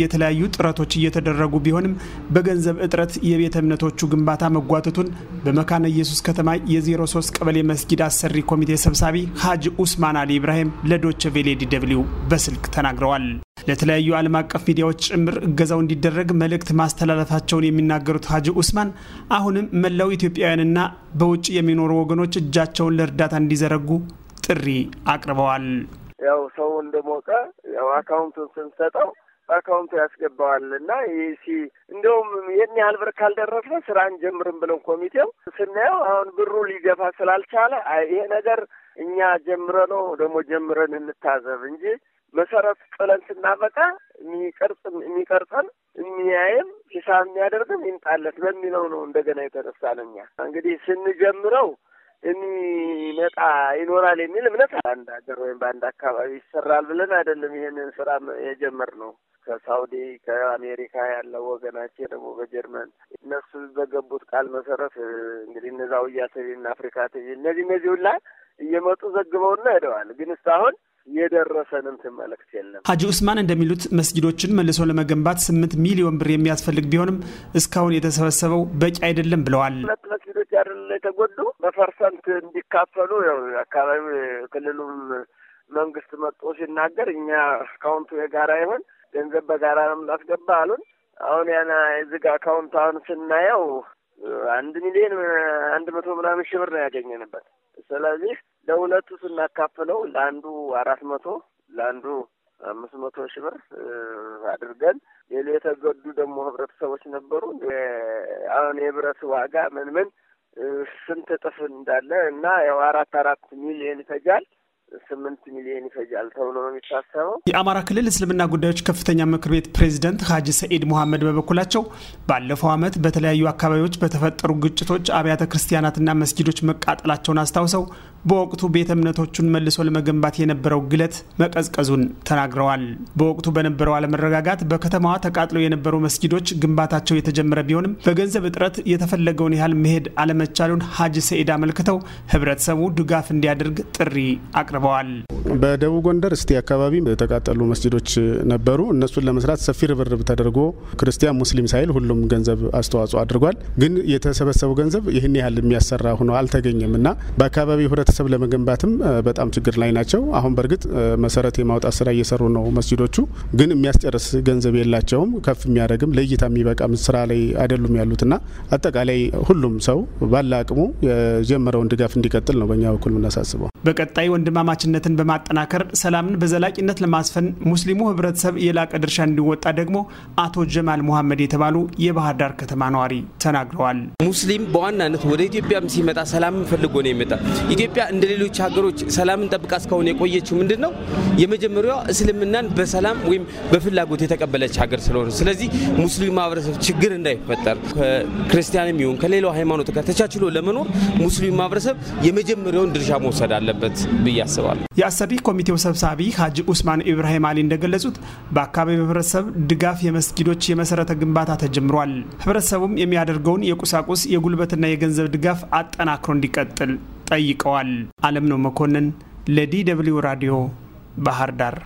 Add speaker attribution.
Speaker 1: የተለያዩ ጥረቶች እየተደረጉ ቢሆንም በገንዘብ እጥረት የቤተ እምነቶቹ ግንባታ መጓተቱን በመካነ ኢየሱስ ከተማ የ03 ቀበሌ መስጊድ አሰሪ ኮሚቴ ሰብሳቢ ሀጅ ኡስማን አሊ ኢብራሂም ለዶቸ ቬሌ ዲደብሊው በስልክ ተናግረዋል። ለተለያዩ ዓለም አቀፍ ሚዲያዎች ጭምር እገዛው እንዲደረግ መልእክት ማስተላለፋቸውን የሚናገሩት ሀጅ ኡስማን አሁንም መላው ኢትዮጵያውያንና በውጭ የሚኖሩ ወገኖች እጃቸውን ለእርዳታ እንዲዘረጉ ጥሪ
Speaker 2: አቅርበዋል። ያው ሰው እንደሞቀ ያው አካውንቱን ስንሰጠው በአካውንቱ ያስገባዋል እና ይሲ እንደውም ይህን ያህል ብር ካልደረሰ ስራ አንጀምርም ብለው ኮሚቴው ስናየው አሁን ብሩ ሊገፋ ስላልቻለ ይሄ ነገር እኛ ጀምረ ነው ደግሞ ጀምረን እንታዘብ እንጂ መሰረት ጥለን ስናበቃ የሚቀርጽ የሚቀርጸን የሚያይም ሂሳብ የሚያደርግም ይምጣለት በሚለው ነው እንደገና የተነሳን እኛ እንግዲህ ስንጀምረው የሚመጣ ይኖራል የሚል እምነት በአንድ ሀገር ወይም በአንድ አካባቢ ይሰራል ብለን አይደለም ይህንን ስራ የጀመርነው። ከሳውዲ ከአሜሪካ ያለው ወገናቸው ደግሞ በጀርመን እነሱ በገቡት ቃል መሰረት እንግዲህ እነዛ ውያ ቲቪ እና አፍሪካ ቲቪ እነዚህ እነዚህ ሁላ እየመጡ ዘግበውና ሄደዋል። ግን እስካሁን የደረሰንም ትመለክት የለም።
Speaker 1: ሀጂ ኡስማን እንደሚሉት መስጊዶችን መልሶ ለመገንባት ስምንት ሚሊዮን ብር የሚያስፈልግ ቢሆንም እስካሁን የተሰበሰበው በቂ አይደለም ብለዋል።
Speaker 2: ሁለት መስጊዶች ያደለ የተጎዱ በፐርሰንት እንዲካፈሉ አካባቢ ክልሉም መንግስት መጥቶ ሲናገር እኛ አካውንቱ የጋራ ይሆን ገንዘብ በጋራ ነው የምናስገባ አሉን። አሁን ያና የዝግ አካውንት አሁን ስናየው አንድ ሚሊዮን አንድ መቶ ምናምን ሺህ ብር ነው ያገኘንበት። ስለዚህ ለሁለቱ ስናካፍለው ለአንዱ አራት መቶ ለአንዱ አምስት መቶ ሺ ብር አድርገን ሌሎ የተገዱ ደግሞ ህብረተሰቦች ነበሩ። አሁን የህብረት ዋጋ ምን ምን ስንት እጥፍ እንዳለ እና ያው አራት አራት ሚሊዮን ይፈጃል። ስምንት ሚሊዮን ይፈጃል ተብሎ ነው የሚታሰበው።
Speaker 1: የአማራ ክልል እስልምና ጉዳዮች ከፍተኛ ምክር ቤት ፕሬዚደንት ሀጂ ሰኢድ ሙሐመድ በበኩላቸው ባለፈው ዓመት በተለያዩ አካባቢዎች በተፈጠሩ ግጭቶች አብያተ ክርስቲያናትና መስጊዶች መቃጠላቸውን አስታውሰው በወቅቱ ቤተ እምነቶቹን መልሶ ለመገንባት የነበረው ግለት መቀዝቀዙን ተናግረዋል። በወቅቱ በነበረው አለመረጋጋት በከተማዋ ተቃጥለው የነበሩ መስጊዶች ግንባታቸው የተጀመረ ቢሆንም በገንዘብ እጥረት የተፈለገውን ያህል መሄድ አለመቻሉን ሀጂ ሰኢድ አመልክተው ህብረተሰቡ ድጋፍ እንዲያደርግ ጥሪ አቅርበዋል። ቀርበዋል።
Speaker 3: በደቡብ ጎንደር እስቴ አካባቢ የተቃጠሉ መስጂዶች ነበሩ። እነሱን ለመስራት ሰፊ ርብርብ ተደርጎ ክርስቲያን፣ ሙስሊም ሳይል ሁሉም ገንዘብ አስተዋጽኦ አድርጓል። ግን የተሰበሰቡ ገንዘብ ይህን ያህል የሚያሰራ ሆኖ አልተገኘም እና በአካባቢው ህብረተሰብ ለመገንባትም በጣም ችግር ላይ ናቸው። አሁን በእርግጥ መሰረት የማውጣት ስራ እየሰሩ ነው መስጂዶቹ፣ ግን የሚያስጨርስ ገንዘብ የላቸውም። ከፍ የሚያደርግም ለእይታ የሚበቃም ስራ ላይ አይደሉም ያሉትና አጠቃላይ ሁሉም ሰው ባለ አቅሙ የጀመረውን ድጋፍ እንዲቀጥል ነው በእኛ በኩል የምናሳስበው።
Speaker 1: በቀጣይ ወንድማማችነትን በማጠናከር ሰላምን በዘላቂነት ለማስፈን ሙስሊሙ ህብረተሰብ የላቀ ድርሻ እንዲወጣ ደግሞ አቶ ጀማል ሙሐመድ የተባሉ የባህር ዳር ከተማ ነዋሪ ተናግረዋል። ሙስሊም በዋናነት ወደ ኢትዮጵያም ሲመጣ ሰላምን ፈልጎ ነው የመጣ። ኢትዮጵያ እንደ ሌሎች ሀገሮች ሰላምን ጠብቃ እስካሁን የቆየችው ምንድን ነው? የመጀመሪያዋ እስልምናን በሰላም ወይም በፍላጎት የተቀበለች ሀገር ስለሆነ፣ ስለዚህ ሙስሊም ማህበረሰብ ችግር እንዳይፈጠር ከክርስቲያንም ይሁን ከሌላው ሃይማኖት ጋር ተቻችሎ ለመኖር ሙስሊም ማህበረሰብ የመጀመሪያውን ድርሻ መውሰድ አለ አለበት ብዬ አስባለሁ። የአሰሪ ኮሚቴው ሰብሳቢ ሀጂ ኡስማን ኢብራሂም አሊ እንደገለጹት በአካባቢው ህብረተሰብ ድጋፍ የመስጊዶች የመሰረተ ግንባታ ተጀምሯል። ህብረተሰቡም የሚያደርገውን የቁሳቁስ የጉልበትና የገንዘብ ድጋፍ አጠናክሮ እንዲቀጥል ጠይቀዋል። አለም ነው መኮንን ለዲ ደብልዩ ራዲዮ ባህር ዳር